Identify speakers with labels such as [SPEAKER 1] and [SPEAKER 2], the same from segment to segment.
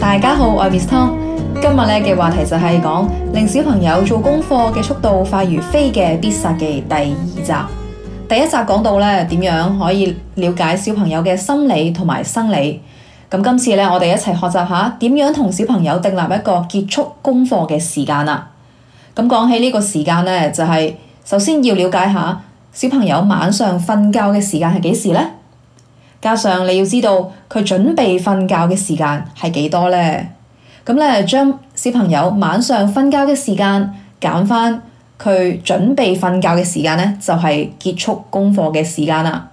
[SPEAKER 1] 大家好，我係 Miss Tom。今日咧嘅話題就係講令小朋友做功課嘅速度快如飛嘅必殺技第二集。第一集講到呢，點樣可以了解小朋友嘅心理同埋生理，咁今次呢，我哋一齊學習下點樣同小朋友訂立一個結束功課嘅時間啦。咁講起呢個時間呢，就係、是、首先要了解下小朋友晚上瞓覺嘅時間係幾時呢？加上你要知道佢準備瞓覺嘅時間係幾多呢？咁咧將小朋友晚上瞓覺嘅時間減翻佢準備瞓覺嘅時間呢，就係結束功課嘅時間啦。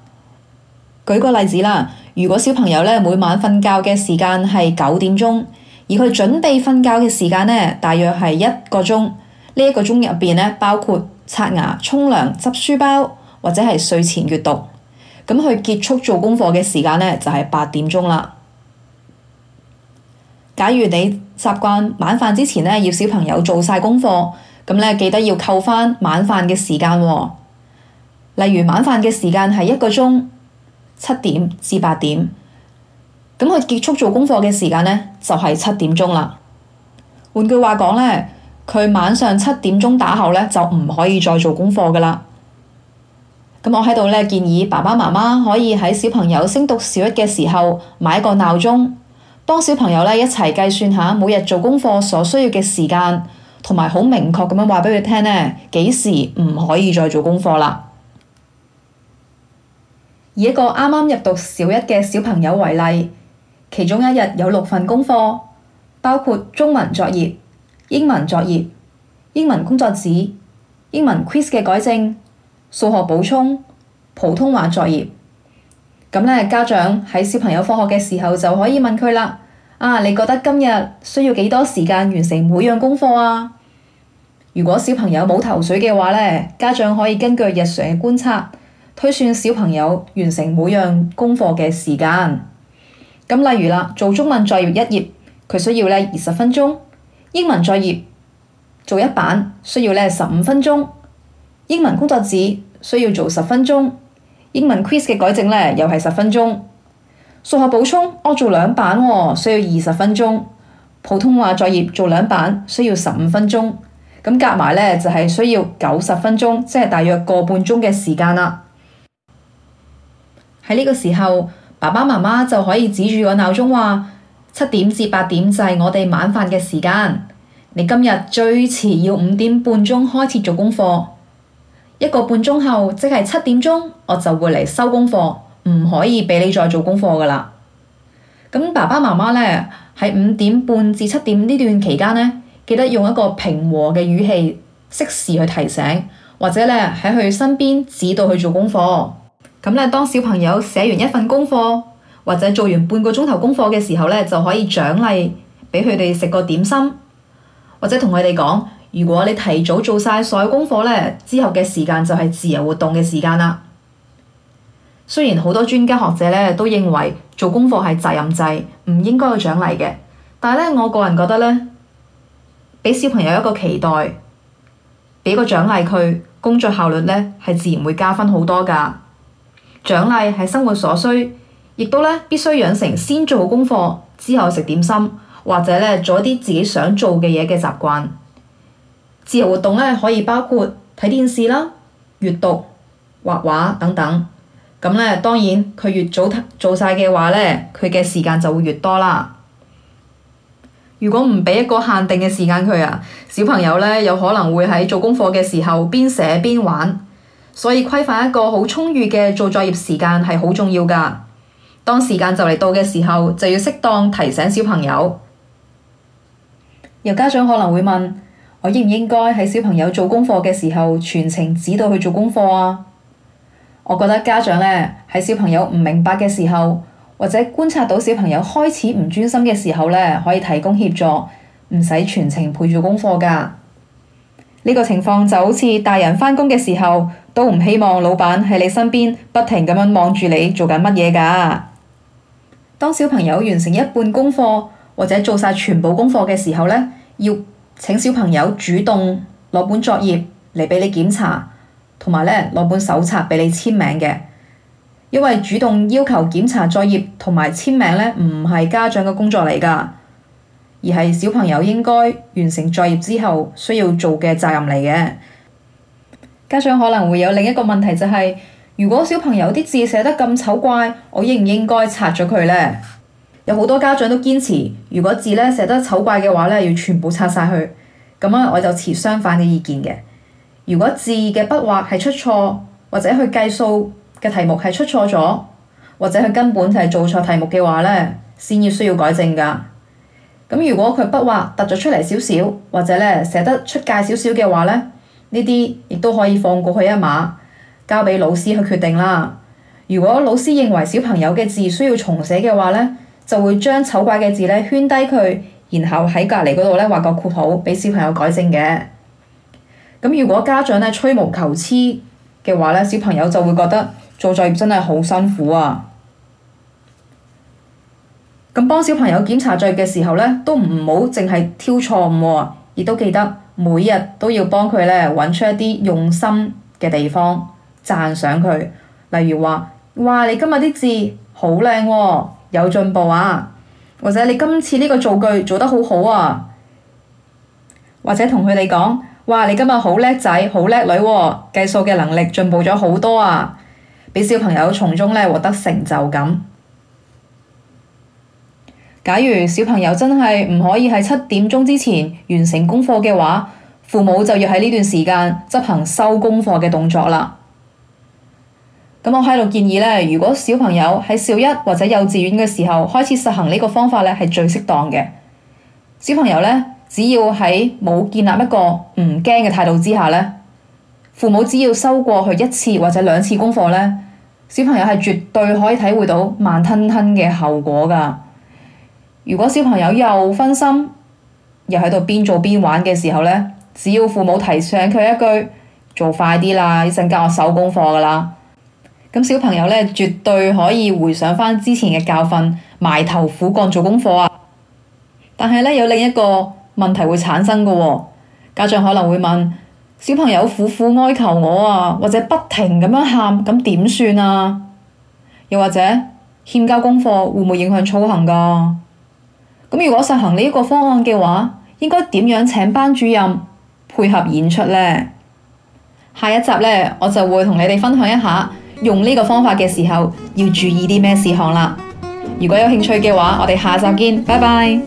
[SPEAKER 1] 舉個例子啦，如果小朋友呢，每晚瞓覺嘅時間係九點鐘，而佢準備瞓覺嘅時間呢，大約係一個鐘。呢一個鐘入面呢，包括刷牙、沖涼、執書包或者係睡前閱讀。咁佢結束做功課嘅時間咧，就係八點鐘啦。假如你習慣晚飯之前咧，要小朋友做晒功課，咁咧記得要扣翻晚飯嘅時間喎。例如晚飯嘅時間係一個鐘，七點至八點。咁佢結束做功課嘅時間咧，就係七點鐘啦。換句話講咧，佢晚上七點鐘打後咧，就唔可以再做功課噶啦。咁我喺度咧建議爸爸媽媽可以喺小朋友升讀小一嘅時候買一個鬧鐘，幫小朋友咧一齊計算下每日做功課所需要嘅時間，同埋好明確咁樣話俾佢聽咧，幾時唔可以再做功課啦。以一個啱啱入讀小一嘅小朋友為例，其中一日有六份功課，包括中文作業、英文作業、英文工作紙、英文 quiz 嘅改正。數學補充、普通話作業，咁咧家長喺小朋友放學嘅時候就可以問佢啦。啊，你覺得今日需要幾多時間完成每樣功課啊？如果小朋友冇頭緒嘅話咧，家長可以根據日常嘅觀察推算小朋友完成每樣功課嘅時間。咁例如啦，做中文作業一頁，佢需要咧二十分鐘；英文作業做一版需要咧十五分鐘；英文工作紙，需要做十分鐘英文 Quiz 嘅改正呢，又係十分鐘。數學補充我、哦、做兩版、哦，需要二十分鐘。普通話作業做兩版，需要十五分鐘。咁夾埋呢，就係、是、需要九十分鐘，即係大約個半鐘嘅時間啦。喺呢個時候，爸爸媽媽就可以指住個鬧鐘話：七點至八點就係我哋晚飯嘅時間。你今日最遲要五點半鐘開始做功課。一個半鐘後，即係七點鐘，我就會嚟收功課，唔可以俾你再做功課噶啦。咁爸爸媽媽咧，喺五點半至七點呢段期間咧，記得用一個平和嘅語氣適時去提醒，或者咧喺佢身邊指導去做功課。咁咧，當小朋友寫完一份功課或者做完半個鐘頭功課嘅時候咧，就可以獎勵俾佢哋食個點心，或者同佢哋講。如果你提早做晒所有功課咧，之後嘅時間就係自由活動嘅時間啦。雖然好多專家學者咧都認為做功課係責任制，唔應該有獎勵嘅，但係咧我個人覺得咧，俾小朋友一個期待，俾個獎勵佢，工作效率咧係自然會加分好多㗎。獎勵係生活所需，亦都咧必須養成先做功課之後食點心，或者咧做一啲自己想做嘅嘢嘅習慣。自由活動咧可以包括睇電視啦、閱讀、畫畫等等。咁咧當然佢越早做晒嘅話咧，佢嘅時間就會越多啦。如果唔俾一個限定嘅時間佢啊，小朋友咧有可能會喺做功課嘅時候邊寫邊玩。所以規範一個好充裕嘅做作業時間係好重要㗎。當時間就嚟到嘅時候，就要適當提醒小朋友。有家長可能會問：我應唔應該喺小朋友做功課嘅時候全程指導佢做功課啊？我覺得家長呢，喺小朋友唔明白嘅時候，或者觀察到小朋友開始唔專心嘅時候呢，可以提供協助，唔使全程陪住功課噶。呢、這個情況就好似大人返工嘅時候，都唔希望老闆喺你身邊，不停咁樣望住你做緊乜嘢噶。當小朋友完成一半功課或者做晒全部功課嘅時候呢，要請小朋友主動攞本作業嚟畀你檢查，同埋咧攞本手冊畀你簽名嘅，因為主動要求檢查作業同埋簽名咧，唔係家長嘅工作嚟㗎，而係小朋友應該完成作業之後需要做嘅責任嚟嘅。家長可能會有另一個問題就係，如果小朋友啲字寫得咁醜怪，我應唔應該擦咗佢咧？有好多家長都堅持，如果字咧寫得醜怪嘅話咧，要全部拆晒去。咁啊，我就持相反嘅意見嘅。如果字嘅筆畫係出錯，或者佢計數嘅題目係出錯咗，或者佢根本就係做錯題目嘅話咧，先要需要改正噶。咁如果佢筆畫突咗出嚟少少，或者咧寫得出界少少嘅話咧，呢啲亦都可以放過佢一馬，交俾老師去決定啦。如果老師認為小朋友嘅字需要重寫嘅話咧，就會將醜怪嘅字咧圈低佢，然後喺隔離嗰度咧畫個括號，俾小朋友改正嘅。咁如果家長咧吹毛求疵嘅話咧，小朋友就會覺得做作業真係好辛苦啊。咁幫小朋友檢查作業嘅時候咧，都唔好淨係挑錯誤喎，亦都記得每日都要幫佢咧揾出一啲用心嘅地方讚賞佢，例如話：哇，你今日啲字好靚喎！有進步啊，或者你今次呢個造句做得好好啊，或者同佢哋講，哇，你今日好叻仔，好叻女喎，計數嘅能力進步咗好多啊，俾小朋友從中呢獲得成就感。假如小朋友真係唔可以喺七點鐘之前完成功課嘅話，父母就要喺呢段時間執行收功課嘅動作啦。咁我喺度建議呢，如果小朋友喺小一或者幼稚園嘅時候開始實行呢個方法呢，係最適當嘅。小朋友呢，只要喺冇建立一個唔驚嘅態度之下呢，父母只要收過去一次或者兩次功課呢，小朋友係絕對可以體會到慢吞吞嘅後果噶。如果小朋友又分心，又喺度邊做邊玩嘅時候呢，只要父母提醒佢一句，做快啲啦！一陣間我收功課噶啦。咁小朋友咧，絕對可以回想翻之前嘅教訓，埋頭苦幹做功課啊！但係咧，有另一個問題會產生噶喎，家長可能會問：小朋友苦苦哀求我啊，或者不停咁樣喊，咁點算啊？又或者欠交功課會唔會影響操行噶？咁如果實行呢一個方案嘅話，應該點樣請班主任配合演出呢？下一集咧，我就會同你哋分享一下。用呢個方法嘅時候，要注意啲咩事項喇？如果有興趣嘅話，我哋下集見，拜拜。